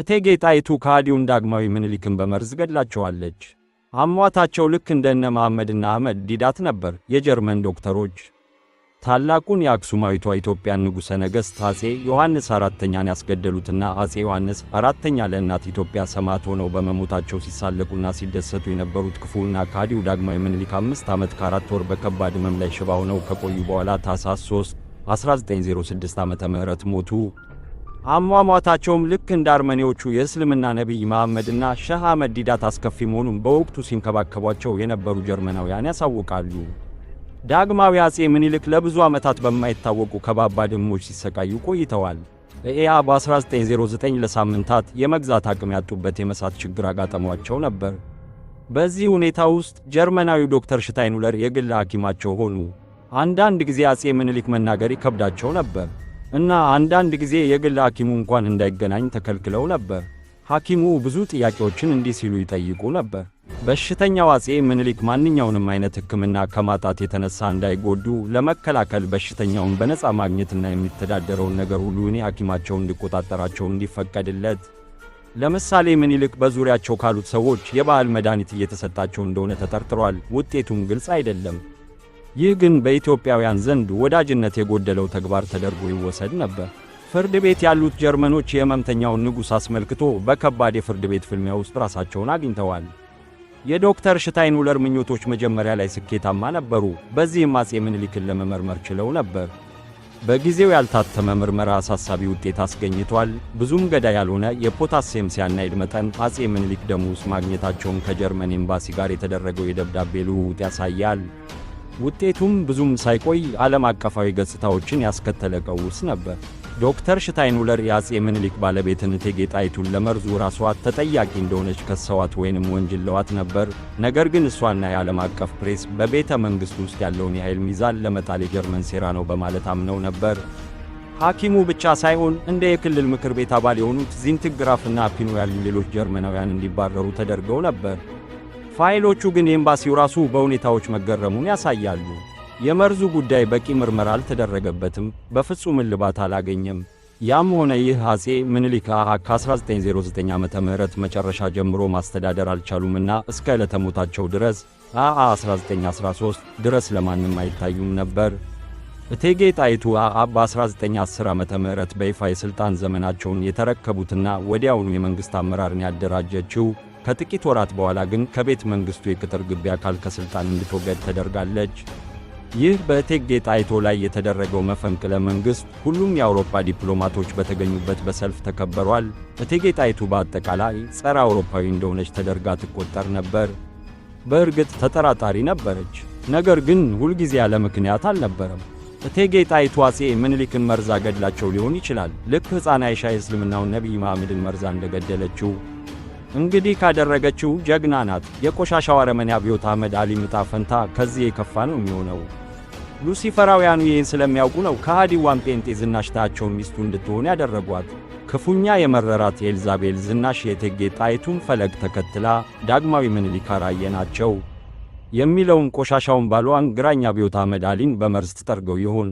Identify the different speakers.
Speaker 1: እቴጌ ጣይቱ ከሃዲውን ዳግማዊ ምኒልክን በመርዝ ገድላቸዋለች። አሟታቸው ልክ እንደ እነ መሐመድና አህመድ ዲዳት ነበር። የጀርመን ዶክተሮች ታላቁን የአክሱማዊቷ ኢትዮጵያን ንጉሠ ነገሥት አጼ ዮሐንስ አራተኛን ያስገደሉትና አጼ ዮሐንስ አራተኛ ለእናት ኢትዮጵያ ሰማዕት ሆነው በመሞታቸው ሲሳለቁና ሲደሰቱ የነበሩት ክፉና ከሃዲው ዳግማዊ ምኒልክ አምስት ዓመት ከአራት ወር በከባድ ሕመም ላይ ሽባ ሆነው ከቆዩ በኋላ ታኅሳስ 3 1906 ም ሞቱ። አሟሟታቸውም ልክ እንደ አርመኔዎቹ የእስልምና ነቢይ መሐመድና ሸህ አህመድ ዲዳት አስከፊ መሆኑን በወቅቱ ሲንከባከቧቸው የነበሩ ጀርመናውያን ያሳውቃሉ። ዳግማዊ አጼ ምኒልክ ለብዙ ዓመታት በማይታወቁ ከባባድ ሕመሞች ሲሰቃዩ ቆይተዋል። በኤያ በ1909 ለሳምንታት የመግዛት አቅም ያጡበት የመሳት ችግር አጋጠሟቸው ነበር። በዚህ ሁኔታ ውስጥ ጀርመናዊው ዶክተር ሽታይንለር የግል ሐኪማቸው ሆኑ። አንዳንድ ጊዜ አጼ ምኒልክ መናገር ይከብዳቸው ነበር። እና አንዳንድ ጊዜ የግል ሐኪሙ እንኳን እንዳይገናኝ ተከልክለው ነበር። ሐኪሙ ብዙ ጥያቄዎችን እንዲህ ሲሉ ይጠይቁ ነበር። በሽተኛው አጼ ምኒልክ ማንኛውንም አይነት ሕክምና ከማጣት የተነሳ እንዳይጎዱ ለመከላከል በሽተኛውን በነፃ ማግኘትና የሚተዳደረውን ነገር ሁሉ እኔ ሐኪማቸው እንዲቆጣጠራቸው እንዲፈቀድለት ለምሳሌ ምኒልክ በዙሪያቸው ካሉት ሰዎች የባህል መድኃኒት እየተሰጣቸው እንደሆነ ተጠርጥሯል። ውጤቱም ግልጽ አይደለም። ይህ ግን በኢትዮጵያውያን ዘንድ ወዳጅነት የጎደለው ተግባር ተደርጎ ይወሰድ ነበር። ፍርድ ቤት ያሉት ጀርመኖች የሕመምተኛውን ንጉሥ አስመልክቶ በከባድ የፍርድ ቤት ፍልሚያ ውስጥ ራሳቸውን አግኝተዋል። የዶክተር ሽታይንውለር ምኞቶች መጀመሪያ ላይ ስኬታማ ነበሩ። በዚህም አፄ ምኒልክን ለመመርመር ችለው ነበር። በጊዜው ያልታተመ ምርመራ አሳሳቢ ውጤት አስገኝቷል። ብዙም ገዳ ያልሆነ የፖታሲየም ሲያናይድ መጠን አጼ ምኒልክ ደም ውስጥ ማግኘታቸውን ከጀርመን ኤምባሲ ጋር የተደረገው የደብዳቤ ልውውጥ ያሳያል። ውጤቱም ብዙም ሳይቆይ ዓለም አቀፋዊ ገጽታዎችን ያስከተለ ቀውስ ነበር። ዶክተር ሽታይንውለር የአፄ ምኒልክ ባለቤትን እቴጌ ጣይቱን ለመርዙ ራሷ ተጠያቂ እንደሆነች ከሰዋት ወይንም ወንጅለዋት ነበር። ነገር ግን እሷና የዓለም አቀፍ ፕሬስ በቤተ መንግሥት ውስጥ ያለውን የኃይል ሚዛን ለመጣል የጀርመን ሴራ ነው በማለት አምነው ነበር። ሐኪሙ ብቻ ሳይሆን እንደ የክልል ምክር ቤት አባል የሆኑት ዚንትግራፍና ፒኖ ያሉ ሌሎች ጀርመናውያን እንዲባረሩ ተደርገው ነበር። ፋይሎቹ ግን ኤምባሲው ራሱ በሁኔታዎች መገረሙን ያሳያሉ። የመርዙ ጉዳይ በቂ ምርመራ አልተደረገበትም፣ በፍጹም እልባት አላገኘም። ያም ሆነ ይህ አጼ ምኒልክ ከ1909 ዓ ም መጨረሻ ጀምሮ ማስተዳደር አልቻሉምና እስከ ዕለተ ሞታቸው ድረስ አአ 1913 ድረስ ለማንም አይታዩም ነበር። እቴጌ ጣይቱ አአ በ1910 ዓ ም በይፋ የሥልጣን ዘመናቸውን የተረከቡትና ወዲያውኑ የመንግሥት አመራርን ያደራጀችው ከጥቂት ወራት በኋላ ግን ከቤተ መንግሥቱ የቅጥር ግቢ አካል ከሥልጣን እንድትወገድ ተደርጋለች። ይህ በእቴጌ ጣይቶ ላይ የተደረገው መፈንቅለ መንግሥት ሁሉም የአውሮፓ ዲፕሎማቶች በተገኙበት በሰልፍ ተከበሯል። እቴጌ ጣይቱ በአጠቃላይ ጸረ አውሮፓዊ እንደሆነች ተደርጋ ትቆጠር ነበር። በእርግጥ ተጠራጣሪ ነበረች፣ ነገር ግን ሁልጊዜ ያለ ምክንያት አልነበረም። እቴጌ ጣይቱ አጼ ምኒልክን መርዛ ገድላቸው ሊሆን ይችላል፣ ልክ ሕፃን አይሻ የእስልምናውን ነቢይ መሐመድን መርዛ እንደገደለችው። እንግዲህ ካደረገችው ጀግና ናት። የቆሻሻው አረመኔ አብዮት አህመድ አሊ ፈንታ ከዚህ የከፋ ነው የሚሆነው። ሉሲፈራውያኑ ይህን ስለሚያውቁ ነው ከሃዲዋን ጴንጤ ዝናሽ ታያቸውን ሚስቱ እንድትሆን ያደረጓት። ክፉኛ የመረራት የኤልዛቤል ዝናሽ የእቴጌ ጣይቱን ፈለግ ተከትላ ዳግማዊ ምኒልክ አራየናቸው የሚለውን ቆሻሻውን ባሏን ግራኛ አብዮት አህመድ አሊን በመርዝ ትጠርገው ይሆን?